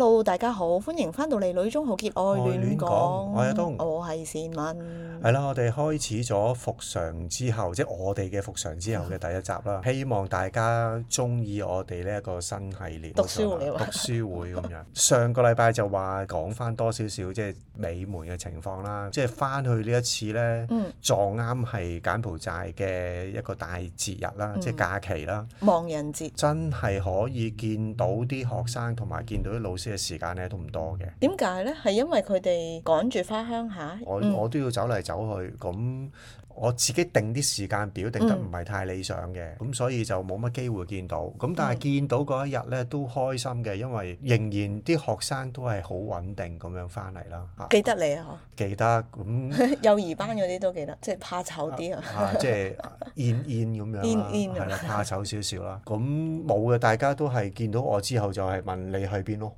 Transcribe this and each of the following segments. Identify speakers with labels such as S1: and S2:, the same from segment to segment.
S1: Hello，大家好，歡迎翻到嚟《女中豪傑愛亂講》，我係善文。
S2: 係啦，我哋開始咗復常之後，即係我哋嘅復常之後嘅第一集啦。嗯、希望大家中意我哋呢一個新系列。讀書會嚟喎，讀書會咁樣。 上個禮拜就話講翻多少少即係美門嘅情況啦，即係翻去呢一次呢，撞啱係柬埔寨嘅一個大節日啦，即係假期啦。亡、嗯、人節真係可以見到啲學生同埋見到啲老師嘅時間咧都唔多嘅。
S1: 點解呢？係因為佢哋趕住翻鄉下。啊、我我
S2: 都要走嚟。走去咁，我自己定啲時間表定得唔係太理想嘅，咁、嗯、所以就冇乜機會見到。咁但係見到嗰一日咧都開心嘅，因為仍然啲學生都係好穩定咁樣翻嚟啦。記得你啊，嗬？記得咁。
S1: 幼兒班嗰啲都記得，即係怕醜啲啊，即係
S2: 厭厭咁樣。厭厭係啦，怕醜少少啦。咁冇嘅，大家都係見到我之後就係問你去邊咯。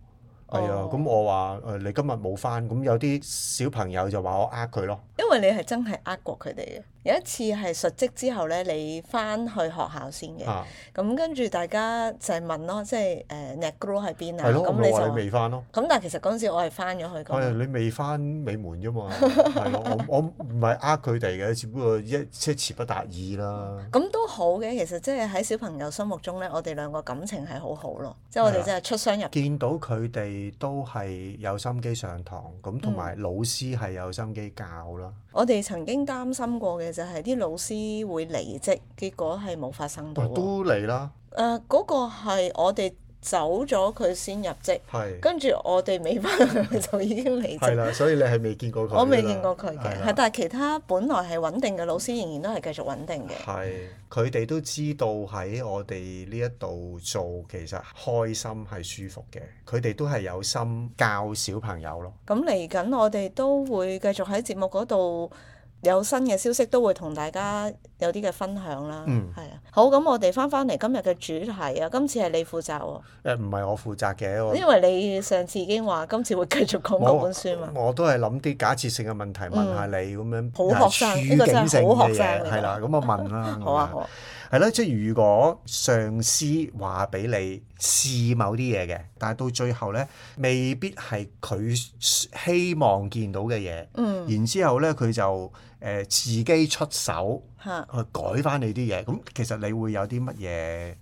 S2: 係啊，咁、oh. 我話誒、呃、你今日冇返，咁有啲小朋友就話我呃佢咯。
S1: 因為你係真係呃過佢哋嘅。有一次係述職之後咧，你翻去學校先嘅，咁、啊、跟住大家就係問咯，即係誒 Negro 喺邊啊？咁了你未翻咯？咁但係其實嗰陣時我係翻咗去、那個。係
S2: 你未翻美門啫嘛？係咯， 我我唔係呃佢哋嘅，只不過一些詞不達意啦。
S1: 咁都、嗯、好嘅，其實即係喺小朋友心目中咧，我哋兩個感情係好好咯。即、就、係、是、我哋即係
S2: 出雙入。見到佢哋都係有心機上堂，咁同埋老師係有心機教啦。嗯、
S1: 我哋曾經擔心過嘅。就係啲老師會離職，結果係冇發生到。都嚟啦。誒、呃，嗰個係我哋走咗，佢先入職。係。跟住我哋未翻去佢就已經離職。係啦，所
S2: 以你係未見過佢。我未見過佢嘅，但
S1: 係的其他本來係穩定嘅老師，仍然都係繼續穩定嘅。
S2: 係，佢哋都知道喺我哋呢一度做，其實開心係舒服嘅。佢哋都係有心教小朋友咯。
S1: 咁嚟緊，我哋都會繼續喺節目嗰度有新嘅消息都會同大家有啲嘅分享啦，係啊。好，咁我哋翻返嚟今日嘅主題啊。今次係你負責喎。
S2: 誒，唔係我負責嘅，因為
S1: 你上次已經話今次會繼續講嗰本書嘛。
S2: 我都係諗啲假設性嘅問題問下你咁樣，誒，處境性嘅嘢係啦，咁啊問啦。好啊，好。係啦，即係如果上司話俾你試某啲嘢嘅，但係到最後咧，未必係佢希望見到嘅嘢。嗯。然之後咧，佢就。誒自己出手去改翻你啲嘢，咁其實你會有啲乜嘢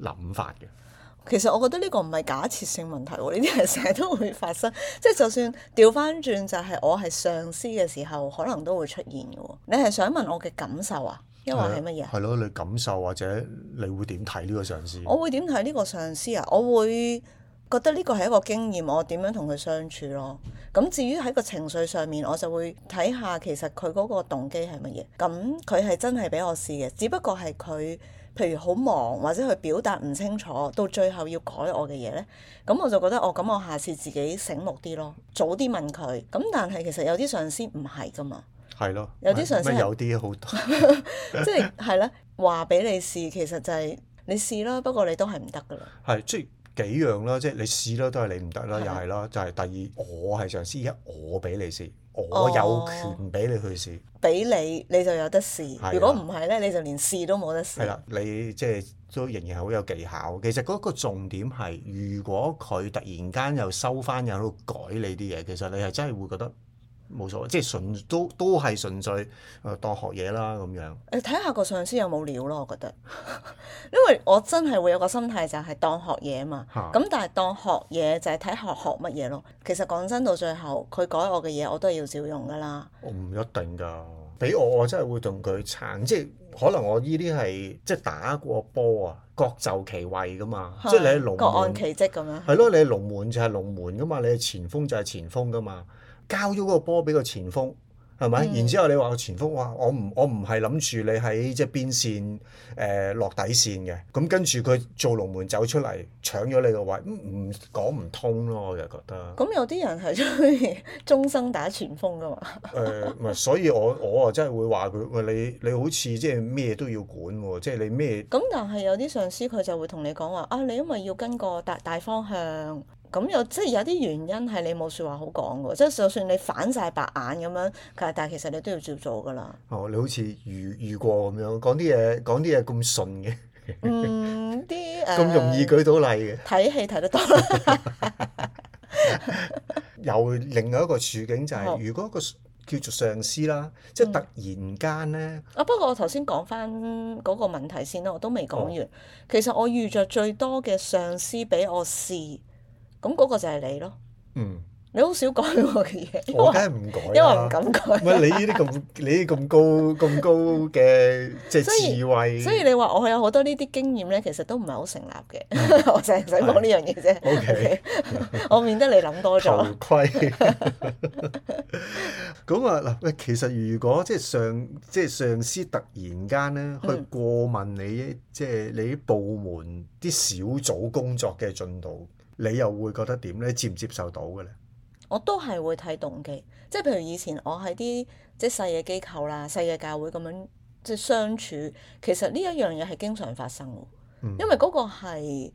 S2: 諗法嘅？
S1: 其實我覺得呢個唔係假設性問題喎，呢啲係成日都會發生，即係就算調翻轉就係我係上司嘅時候，可能都會出現嘅喎。你係想問我嘅感受啊？因為係乜嘢啊？係
S2: 咯，你感受或者你會點睇呢個上司？我會
S1: 點睇呢個上司啊？我會。覺得呢個係一個經驗，我點樣同佢相處咯。咁、嗯、至於喺個情緒上面，我就會睇下其實佢嗰個動機係乜嘢。咁佢係真係俾我試嘅，只不過係佢譬如好忙或者佢表達唔清楚，到最後要改我嘅嘢呢。咁、嗯、我就覺得我咁，哦、我下次自己醒目啲咯，早啲問佢。咁、嗯、但係其實有啲上司唔係噶嘛？
S2: 係咯的，有啲上司有啲好
S1: 說，即係係啦，話俾你試，其實就係、是、你試啦。不過你都係唔得噶啦，
S2: 係即。幾樣啦，即係你試啦，都係你唔得啦，的又係啦，就係、是、第二我係上司，而家我俾你試，哦、我有權俾你去試，
S1: 俾你你就有得試。的如果唔係咧，你就連試都冇得試。係啦，
S2: 你即係都仍然係好有技巧。其實嗰個重點係，如果佢突然間又收翻又喺度改你啲嘢，其實你係真係會覺得。冇錯，即係純都都係純粹誒、呃、當學嘢啦咁樣。
S1: 誒睇下個上司有冇料咯，我覺得。 因為我真係會有個心態就係當學嘢嘛。咁、啊、但係當學嘢就係睇學學乜嘢咯。其實講真到最後，佢改我嘅嘢，我都係要照用噶啦。
S2: 我唔一定㗎，俾我我真係會同佢撐。即係可能我呢啲係即係打過波啊，各就其位噶嘛。啊、即係你係龍門，各按其職咁樣。係咯，你係龍門就係龍門噶嘛，你係前鋒就係前鋒噶嘛。交咗嗰個波俾個前鋒，係咪？嗯、然之後你話個前鋒話我唔我唔係諗住你喺即係邊線誒、呃、落底線嘅，咁、嗯、跟住佢做龍門走出嚟搶咗你個位，唔講唔通咯，我就覺得。咁、
S1: 嗯、有啲人係中意終生打前鋒㗎嘛？誒唔
S2: 係，所以我我啊真係會話佢喂，你你好似即係咩都要管喎，即係你咩？
S1: 咁、嗯、但係有啲上司佢就會同你講話啊，你因為要跟個大大方向。咁又即係有啲原因係你冇說話好講嘅，即係就算你反晒白眼咁樣，但但其實你都要照做噶啦。
S2: 哦，你好似遇遇過咁樣講啲嘢，講啲嘢咁順嘅。純嗯，
S1: 啲誒。咁、呃、容易舉
S2: 到例嘅。睇
S1: 戲睇得多。
S2: 又 另外一個處境就係、是，哦、如果個叫做上司啦，嗯、即係突然間咧。
S1: 啊，不過我頭先講翻嗰個問題先啦，我都未講完。哦、其實我遇著最多嘅上司俾我試。咁嗰個就係你咯。嗯。你好少改我嘅嘢。我梗係唔改啦。因為唔敢改。唔係你呢啲
S2: 咁，你呢啲咁高咁高嘅即係智慧。所以
S1: 你話我有好多呢啲經驗咧，其實都唔係好成立嘅。我淨係想講呢樣嘢啫。OK。我免得你諗多咗。頭盔。
S2: 咁啊嗱喂，其實如果即係上即係上司突然間咧去過問你，即係你啲部門啲小組工作嘅進度。你又會覺得點咧？接唔接受到嘅咧？
S1: 我都係會睇動機，即係譬如以前我喺啲即係細嘅機構啦、細嘅教會咁樣即係相處，其實呢一樣嘢係經常發生嘅，因為嗰個係一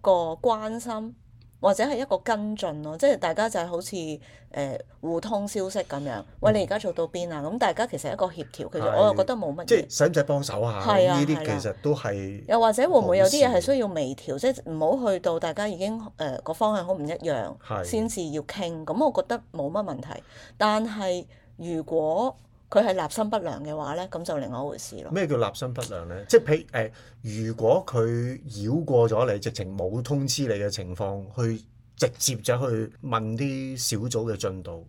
S1: 個關心。或者係一個跟進咯，即係大家就係好似誒、呃、互通消息咁樣。喂，你而家做到邊啊？咁大家其實一個協調，其實是我又覺得冇乜。即係
S2: 使唔使幫手下？呢啲、啊啊、其實都係。又或
S1: 者會唔會有啲嘢係需要微調？事即係唔好去到大家已經誒個、呃、方向好唔一樣，先至是要傾。咁我覺得冇乜問題。但係如果，佢係立心不良嘅話呢，咁就另外一回事咯。
S2: 咩叫立心不良呢？即係如、呃、如果佢繞過咗你，直情冇通知你嘅情況，去直接就去問啲小組嘅進度。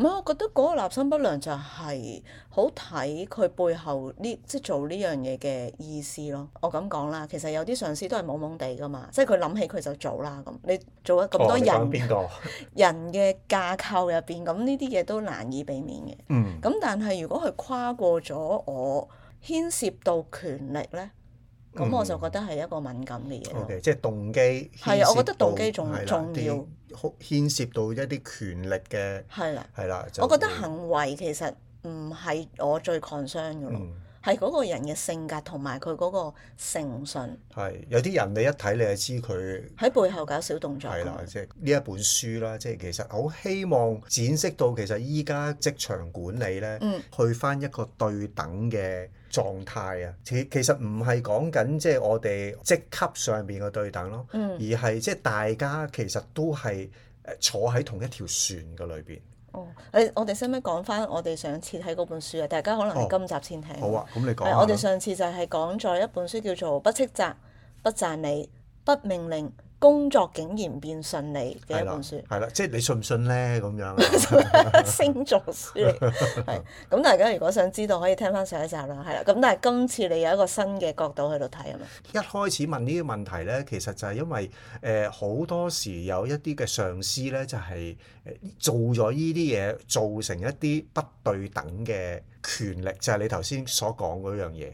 S1: 唔係，我覺得嗰個立心不良就係好睇佢背後呢，即係做呢樣嘢嘅意思咯。我咁講啦，其實有啲上司都係懵懵地噶嘛，即係佢諗起佢就做啦。咁你做咗咁多人、哦、人嘅架構入邊，咁呢啲嘢都難以避免嘅。嗯。咁但係如果佢跨過咗我牽涉到權力咧？咁我就覺得係一個敏感嘅嘢，Okay，即
S2: 係動機，係啊，我覺得動機仲重要，牽涉到一啲權力嘅，係啦的，係啦的。就我覺得行
S1: 為其實唔係我最 concern 嘅咯。嗯係嗰個人嘅性格同埋佢嗰個誠信。
S2: 係有啲人你一睇你就知佢
S1: 喺背後搞小動作。係啦，即係
S2: 呢一本書啦，即係其實好希望展釋到其實依家職場管理咧，去返一個對等嘅狀態啊。其、嗯、其實唔係講緊即係我哋職級上面嘅對等咯，嗯、而係即係大家其實都係坐喺同一條船嘅裏面。
S1: 哦，誒，oh. 我哋使唔使講翻我哋上次睇嗰本書啊？大家可能係今集先聽。Oh.
S2: 好啊，咁你講。誒，我哋上
S1: 次就係講咗一本書叫做《不斥責、不讚你、不命令》。工作竟然變順利嘅一本書，
S2: 係啦，即係你信唔信咧咁樣？ 星
S1: 座書嚟，係，咁大家如果想知道可以聽翻上一集啦，係啦，咁但係今次你有一個新嘅角度喺度睇啊嘛。一開
S2: 始問呢個問題咧，其實就係因為誒好、呃、多時有一啲嘅上司咧，就係、是、誒做咗呢啲嘢，造成一啲不對等嘅。權力就係你頭先所講嗰樣嘢，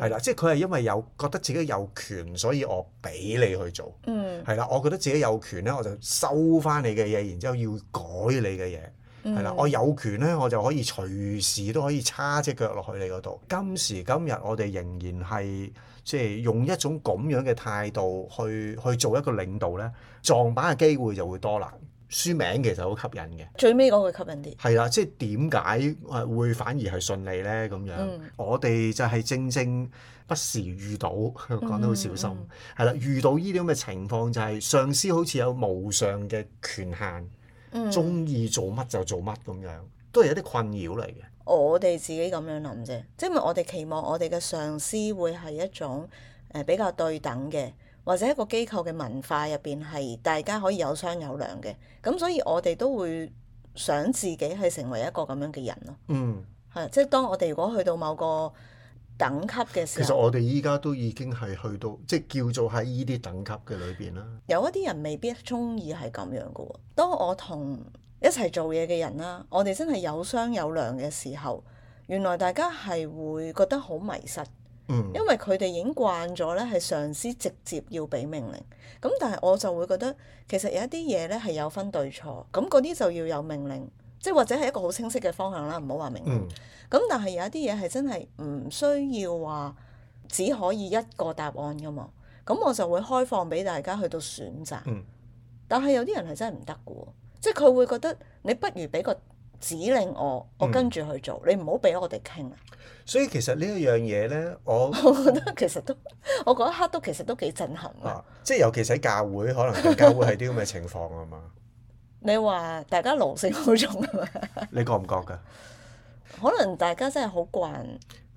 S2: 係啦、嗯，即係佢係因為有覺得自己有權，所以我俾你去做，係啦、嗯，我覺得自己有權咧，我就收返你嘅嘢，然之後要改你嘅嘢，係啦、嗯，我有權咧，我就可以隨時都可以叉隻腳落去你嗰度。今時今日，我哋仍然係即係用一種咁樣嘅態度去去做一個領導咧，撞板嘅機會就會多啦。書名其實好吸引嘅，
S1: 最尾嗰個吸引啲。係
S2: 啦，即係點解誒會反而係順利咧？咁樣，嗯、我哋就係正正不時遇到，講得好小心。係啦、嗯，遇到呢啲咁嘅情況，就係上司好似有無上嘅權限，中意、嗯、做乜就做乜咁樣，都係有啲困擾嚟嘅。
S1: 我哋自己咁樣諗啫，即、就、係、係、我哋期望我哋嘅上司會係一種誒比較對等嘅。或者一個機構嘅文化入邊係大家可以有商有量嘅，咁所以我哋都會想自己去成為一個咁樣嘅人咯。嗯，係，即係當我哋如果去到某個等級嘅時候，其實我哋
S2: 依家都已經係去到即係叫做喺呢啲等級嘅裏邊啦。
S1: 有一啲人未必中意係咁樣嘅喎。當我同一齊做嘢嘅人啦，我哋真係有商有量嘅時候，原來大家係會覺得好迷失，因為佢哋已經慣咗咧，係上司直接要俾命令。咁但係我就會覺得，其實有一啲嘢咧係有分對錯。咁嗰啲就要有命令，即係或者係一個好清晰嘅方向啦。唔好話命令。咁、嗯、但係有一啲嘢係真係唔需要話只可以一個答案噶嘛。咁我就會開放俾大家去到選擇。嗯、但係有啲人係真係唔得嘅，即係佢會覺得你不如俾個。指令我，我跟住去做。嗯、你唔好俾我哋傾啊！
S2: 所以其實呢一樣嘢呢，我 我覺
S1: 得其實都，我嗰一刻都其實都幾震撼啊！
S2: 即係尤其喺教會，可能教會係啲咁嘅情況啊嘛。
S1: 吧你話大家奴性好重啊嘛，
S2: 你覺唔覺噶？
S1: 可能大家真係好慣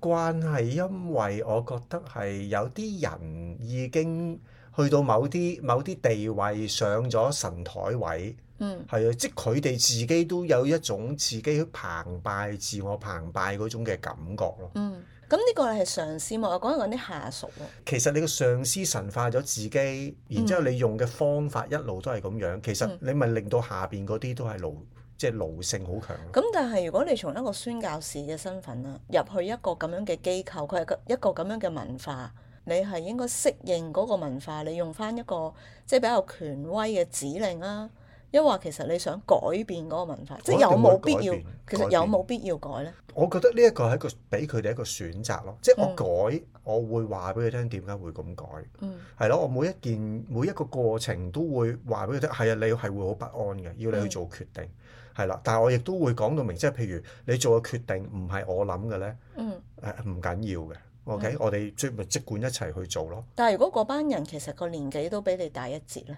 S2: 慣係，因為我覺得係有啲人已經去到某啲某啲地位上咗神台位。嗯，係啊，即係佢哋自己都有一種自己去澎湃、自我澎湃嗰種嘅感覺咯。嗯，
S1: 咁呢個係上司喎，我講緊啲下屬喎。
S2: 其實你個上司神化咗自己，然之後你用嘅方法一路都係咁樣。嗯、其實你咪令到下邊嗰啲都係奴，即係奴性好強。
S1: 咁、嗯、但係如果你從一個宣教士嘅身份啦入去一個咁樣嘅機構，佢係一個咁樣嘅文化，你係應該適應嗰個文化，你用翻一個即係、就是、比較權威嘅指令啦、啊。即話其實你想改變嗰個文化，即係有冇必要？其實有冇必要改呢？
S2: 我覺得呢一個係一個俾佢哋一個選擇咯，即係我改，嗯、我會話俾佢聽點解會咁改。嗯，係咯，我每一件每一個過程都會話俾佢聽。係啊，你係會好不安嘅，要你去做決定係啦、嗯。但係我亦都會講到明，即係譬如你做嘅決定唔係我諗嘅呢，嗯，唔、呃、緊要嘅。OK，嗯、我哋即管一齊去做咯。
S1: 但係如果嗰班人其實個年紀都比你大一截呢。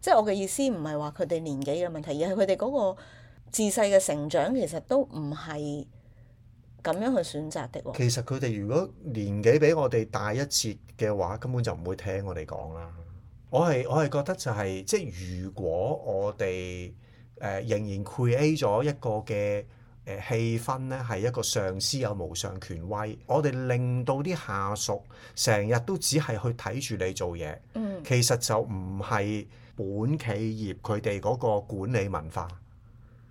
S1: 即係我嘅意思唔係話佢哋年紀嘅問題，而係佢哋嗰個自細嘅成長其實都唔係咁樣去選擇的。其
S2: 實佢哋如果年紀比我哋大一截嘅話，根本就唔會聽我哋講啦。我係我係覺得就係、是、即係如果我哋、呃、仍然 create 咗一個嘅誒氣氛呢，係一個上司有無上權威，我哋令到啲下屬成日都只係去睇住你做嘢，嗯、其實就唔係。本企業佢哋嗰個管理文化，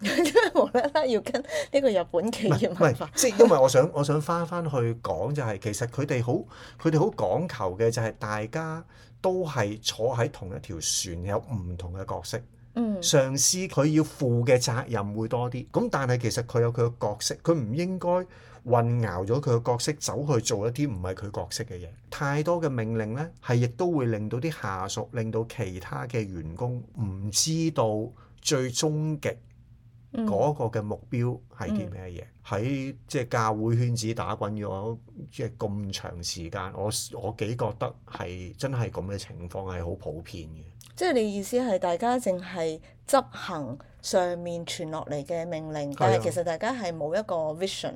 S1: 因為無啦啦要跟呢個日本企業文化，即
S2: 係因為我想我想翻翻去講就係，其實佢哋好佢哋好講求嘅就係大家都係坐喺同一條船，有唔同嘅角色。嗯，上司佢要負嘅責任會多啲，咁但係其實佢有佢嘅角色，佢唔應該混淆咗佢嘅角色，走去做一啲唔係佢角色嘅嘢。太多嘅命令呢，係亦都會令到啲下屬，令到其他嘅員工唔知道最終極嗰個嘅目標係啲咩嘢。喺即係教會圈子打滾咗即係咁長時間，我我幾覺得係真係咁嘅情況，係好普遍嘅。
S1: 即係你意思係大家淨係執行上面傳落嚟嘅命令，的但係其實大家係冇一個 vision。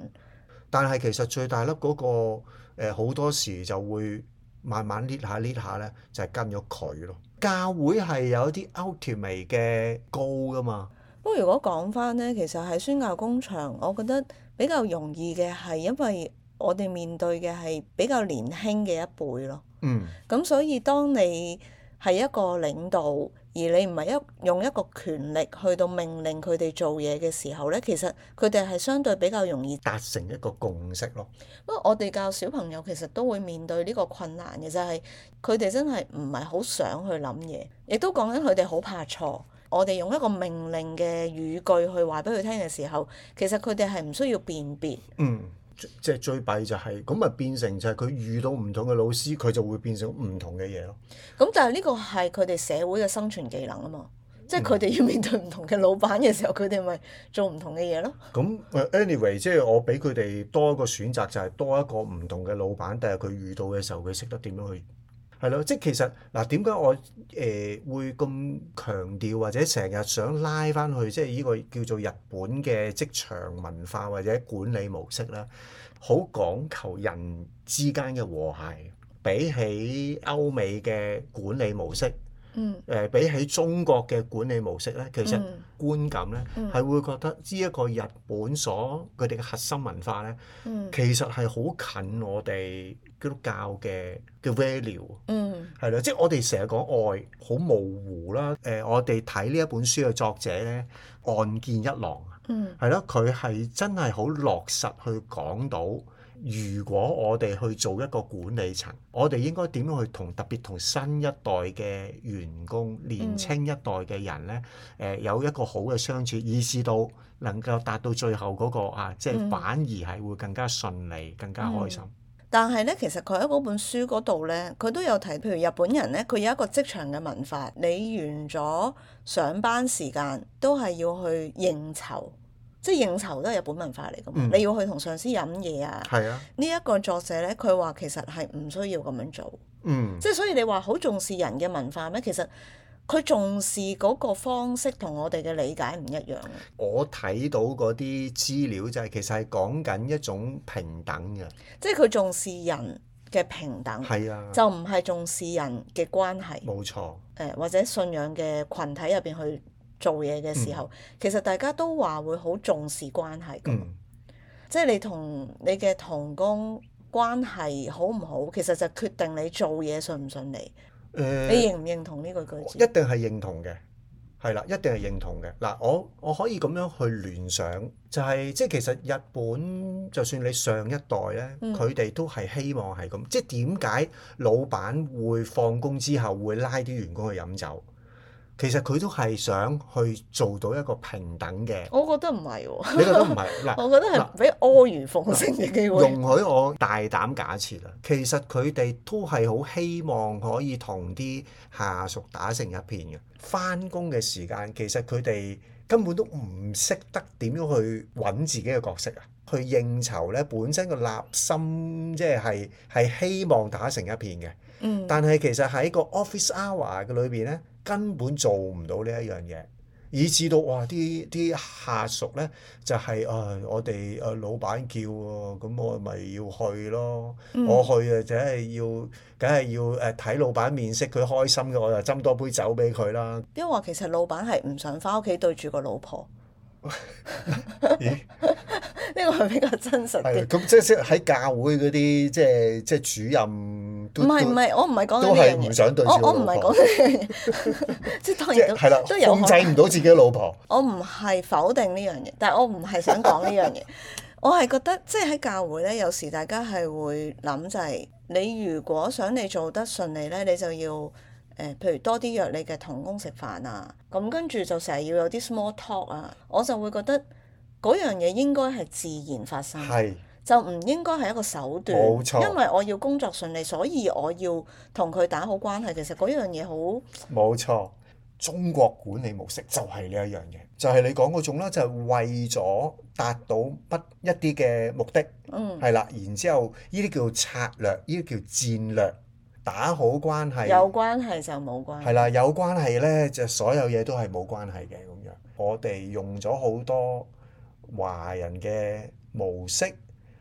S2: 但係其實最大粒嗰個、那個、呃、好多時就會慢慢搣下搣下咧，就係、是、跟咗佢咯。教會係有啲 ultimate 嘅 goal 噶嘛。
S1: 不過如果講翻咧，其實喺宣教工場，我覺得比較容易嘅係因為我哋面對嘅係比較年輕嘅一輩咯。嗯。咁所以當你係一個領導。而你唔係一用一個權力去到命令佢哋做嘢嘅時候咧，其實佢哋係相對比較容易達成一個共識咯。不過我哋教小朋友其實都會面對呢個困難嘅，就係佢哋真係唔係好想去諗嘢，亦都講緊佢哋好怕錯。我哋用一個命令嘅語句去話俾佢聽嘅時候，其實佢哋係唔需要辨別。
S2: 嗯。即係最弊就係，咁咪變成就係佢遇到唔同嘅老師，佢就會變成唔同嘅嘢咯。
S1: 咁但係呢個係佢哋社會嘅生存技能啊嘛，即係佢哋要面對唔同嘅老闆嘅時候，佢哋咪做唔同嘅嘢咯。
S2: 咁 anyway，即係我俾佢哋多一個選擇，就係多一個唔同嘅老闆，但係佢遇到嘅時候，佢識得點樣去。係咯，即係其實嗱，點解我誒、呃、會咁強調或者成日想拉翻去，即係呢個叫做日本嘅職場文化或者管理模式啦，好講求人之間嘅和諧，比起歐美嘅管理模式。嗯、呃，比起中國嘅管理模式咧，其實觀感咧係、嗯嗯、會覺得呢一個日本所佢哋嘅核心文化咧，嗯、其實係好近我哋基督教嘅嘅 value，嗯，係咯，即、就、係、是、我哋成日講愛，好模糊啦。誒、呃，我哋睇呢一本書嘅作者咧，岸見一郎，嗯，係咯，佢係真係好落實去講到。如果我哋去做一個管理層，我哋應該點樣去同特別同新一代嘅員工、年青一代嘅人呢？誒、嗯呃，有一個好嘅相處，意識到能夠達到最後嗰個啊，即係反而係會更加順利、更加開心。嗯、
S1: 但係呢，其實佢喺嗰本書嗰度呢，佢都有提，譬如日本人呢，佢有一個職場嘅文化，你完咗上班時間都係要去應酬。即係應酬都係日本文化嚟噶嘛？嗯、你要去同上司飲嘢啊？呢一、係啊、個作者咧，佢話其實係唔需要咁樣做。嗯，即係所以你話好重視人嘅文化咩？其實佢重視嗰個方式同我哋嘅理解唔一樣。
S2: 我睇到嗰啲資料就係、係、其實係講緊一種平等嘅，
S1: 即係佢重視人嘅平等，係啊，就唔係重視人嘅關係。冇錯，誒或者信仰嘅群體入邊去。做嘢嘅時候，其實大家都話會好重視關係嘅，即係你同你嘅同工關係好唔好，其實就決定你做嘢順唔順利。
S2: 誒，你認
S1: 唔認同呢個句子？一
S2: 定係認同嘅，係啦，一定係認同嘅。嗱，我我可以咁樣去聯想，就係即係其實日本，就算你上一代咧，佢哋都係希望係咁。即係點解老闆會放工之後會拉啲員工去飲酒？其實佢都係想去做到一個平等嘅，
S1: 我覺得唔係喎， 你覺得唔係？嗱， 我覺得係俾阿諛奉承嘅機會，來才容許我
S2: 大膽假設啦。 其實佢哋都係好希望可以同啲下屬打成一片嘅。翻工嘅時間，其實佢哋根本都唔識得點樣去揾自己嘅角色啊，去應酬咧。本身個立心即係係希望打成一片嘅，嗯。但係其實喺個 office hour 嘅裏邊呢。根本做唔到呢一樣嘢，以至到哇啲啲下屬咧就係啊，我哋啊老闆叫咁我咪要去咯。我去啊，就係要，梗係要誒睇老闆面色，佢開心嘅，我就斟多杯酒俾佢啦。
S1: 因為話其實老闆係唔想翻屋企對住個老婆？咦？呢個係比較真實啲。咁
S2: 即係喺教會嗰啲，即係主任。
S1: 唔係唔係，我唔係講緊啲人唔
S2: 想對住老婆。我唔係
S1: 講呢樣嘢， 即係是 當然都，的都控制唔
S2: 到自己老婆。
S1: 我唔係否定呢樣嘢，但係我唔係想講呢樣嘢。 我係覺得即係喺教會咧，有時大家係會諗就係、是，你如果想你做得順利咧，你就要誒、呃，譬如多啲約你嘅同工食飯啊，咁跟住就成日要有啲 small talk 啊，我就會覺得嗰樣嘢應該係自然發生。係。就唔應該係一個手段，冇錯，因為我要工作順利，所以我要同佢打好關係。其實嗰樣嘢好
S2: 冇錯，中國管理模式就係呢一樣嘢，就係你講嗰種啦，就係為咗達到不一啲嘅目的，嗯，係啦，然之後呢啲叫做策略，呢啲叫戰略，打好關係，有
S1: 關係就冇關係，係啦，
S2: 有關係呢，就所有嘢都係冇關係嘅咁樣。我哋用咗好多華人嘅模式。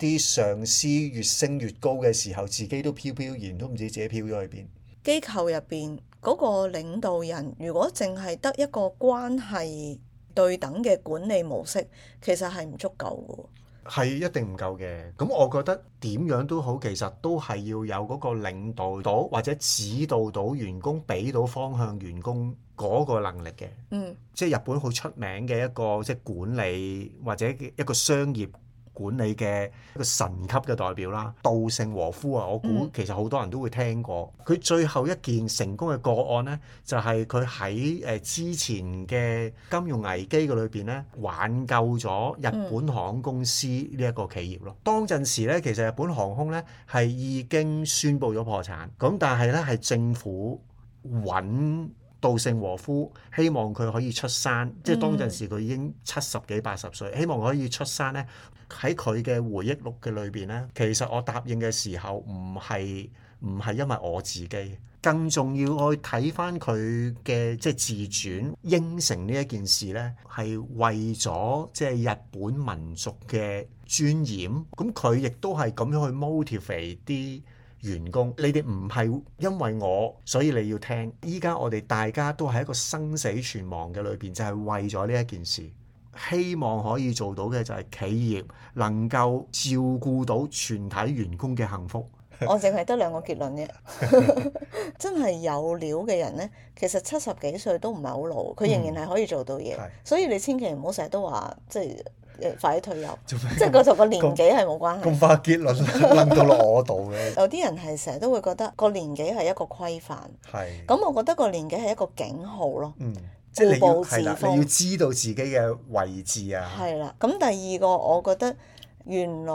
S2: 啲上司越升越高嘅時候，自己都飄飄然，都唔知自己飄咗去邊。
S1: 機構入邊嗰個領導人，如果淨係得一個關係對等嘅管理模式，其實係唔足夠嘅。
S2: 係一定唔夠嘅。咁我覺得點樣都好，其實都係要有嗰個領導到或者指導到員工、俾到方向員工嗰個能力嘅。嗯，即係日本好出名嘅一個即係管理或者一個商業。管理嘅一個神級嘅代表啦，稻盛和夫啊，我估，其實好多人都會聽過。佢、嗯、最後一件成功嘅個案咧，就係佢喺、誒之前嘅金融危機嘅裏邊咧，挽救咗日本航空公司呢一個企業咯。嗯、當陣時咧，其實日本航空咧係已經宣布咗破產，咁但係咧係政府揾。稻盛和夫希望佢可以出山，嗯、即係當陣時，佢已經七十幾八十歲，希望可以出山咧。喺佢嘅回憶錄嘅裏邊咧，其實我答應嘅時候唔係唔係因為我自己，更重要我去睇翻佢嘅即係自傳應承呢一件事咧，係為咗即係日本民族嘅尊嚴，咁佢亦都係咁樣去 motivate 啲。員工，你哋唔係因為我，所以你要聽。依家我哋大家都係一個生死存亡嘅裏邊，就係、是、為咗呢一件事，希望可以做到嘅就係企業能夠照顧到全體員工嘅幸福。我
S1: 淨係得兩個結論嘅： 真係有料嘅人呢，其實七十幾歲都唔係好老，佢仍然係可以做到嘢。嗯、所以你千祈唔好成日都話即係。快啲退休，麼麼即係嗰個年紀係冇關係。咁快
S2: 結論，撚 到落我度嘅。 有
S1: 啲人係成日都會覺得個年紀係一個規範。係是。咁我覺得個年紀係一個警號咯。嗯。即係你要
S2: 知道自己嘅位置啊。
S1: 係啦。咁第二個，我覺得原來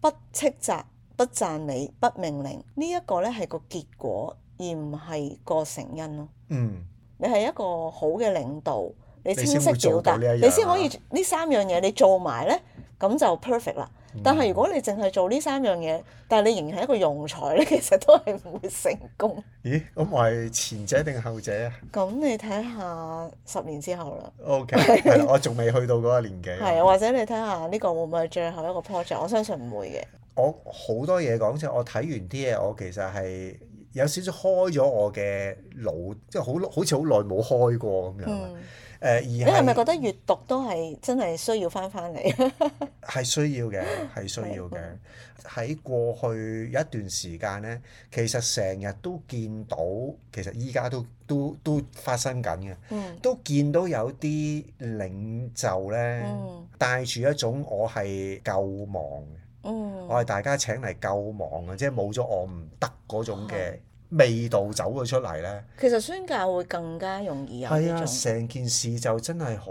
S1: 不斥責、不讚美、不命令，呢、這個、一個咧係個結果，而唔係個成因咯。嗯。你係一個好嘅領導，你清晰表達，你先、啊、可以呢三樣嘢你做埋咧，咁就 perfect 啦。嗯、但係如果你淨係做呢三樣嘢，但係你仍然係一個庸才，咧，其實都係唔會成功。
S2: 咦？咁我係前者定後者
S1: 啊？咁、嗯、你睇下十年之後啦。O
S2: Okay , K， 我仲未去到嗰個年紀。係啊
S1: 或者你睇下呢個會唔會係最後一個 project？我相信唔會嘅。
S2: 我好多嘢講啫。即係我睇完啲嘢，我其實係有少少開咗我嘅腦，即係好好似好耐冇開過咁樣。誒，你係咪覺得
S1: 閱讀都係真係需要翻翻嚟？
S2: 係 需要嘅，係需要嘅。喺 過去有一段時間呢，其實成日都見到，其實依家都都都發生緊嘅。嗯、都見到有啲領袖呢，帶住、嗯、一種我係救亡
S1: 嘅。嗯、我係
S2: 大家請嚟救亡嘅，即係冇咗我唔得嗰種嘅。啊味道走咗出嚟呢，
S1: 其實宣教會更加容易有呢種、啊。
S2: 成件事就真係好，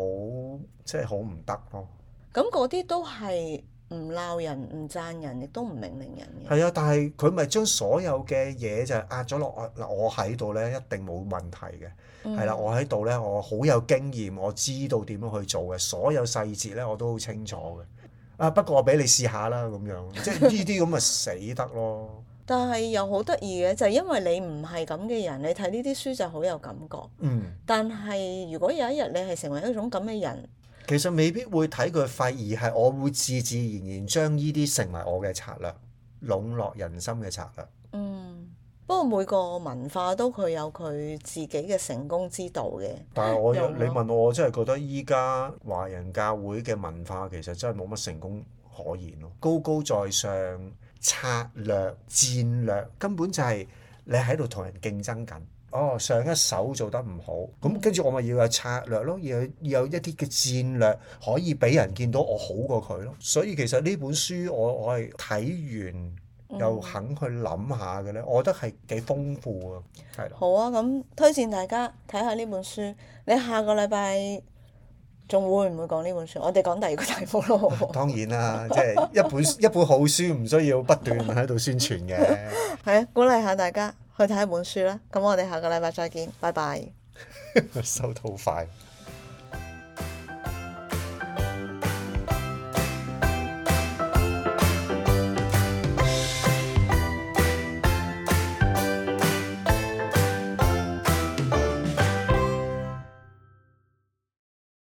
S2: 即係好唔得咯。
S1: 咁嗰啲都係唔鬧人、唔讚人，亦都唔命令人
S2: 嘅。係啊，但係佢咪將所有嘅嘢就壓咗落我我喺度呢，一定冇問題嘅。係啦、嗯啊，我喺度呢，我好有經驗，我知道點樣去做嘅，所有細節呢，我都好清楚嘅、啊。不過我俾你試下啦，咁樣即係呢啲咁咪死得咯～
S1: 但係又好得意嘅，就係因為你唔係咁嘅人，你睇呢啲書就好有感覺。嗯。但係如果有一日你係成為一種咁嘅人，
S2: 其實未必會睇佢廢，而係我會自自然然將呢啲成為我嘅策略，籠絡人心嘅策略。嗯。
S1: 不過每個文化都佢有佢自己嘅成功之道嘅。但係我、嗯、你
S2: 問我，我真係覺得依家華人教會嘅文化其實真係冇乜成功可言咯，高高在上。策略、戰略根本就係你喺度同人競爭緊。哦，上一手做得唔好，咁跟住我咪要有策略咯，要有一啲嘅戰略可以俾人見到我好過佢咯。所以其實呢本書我我係睇完又肯去諗下嘅呢，嗯、我覺得係幾豐富啊。
S1: 好啊，咁推薦大家睇下呢本書。你下個禮拜。仲會唔會講呢本書？我哋講第二個題目咯，啊。
S2: 當然啦，啊，即、就、係、是、一本 一本好書，唔需要不斷喺度宣傳嘅。
S1: 係 啊，鼓勵下大家去睇本書啦。咁我哋下個禮拜再見，拜拜。
S2: 收得好快。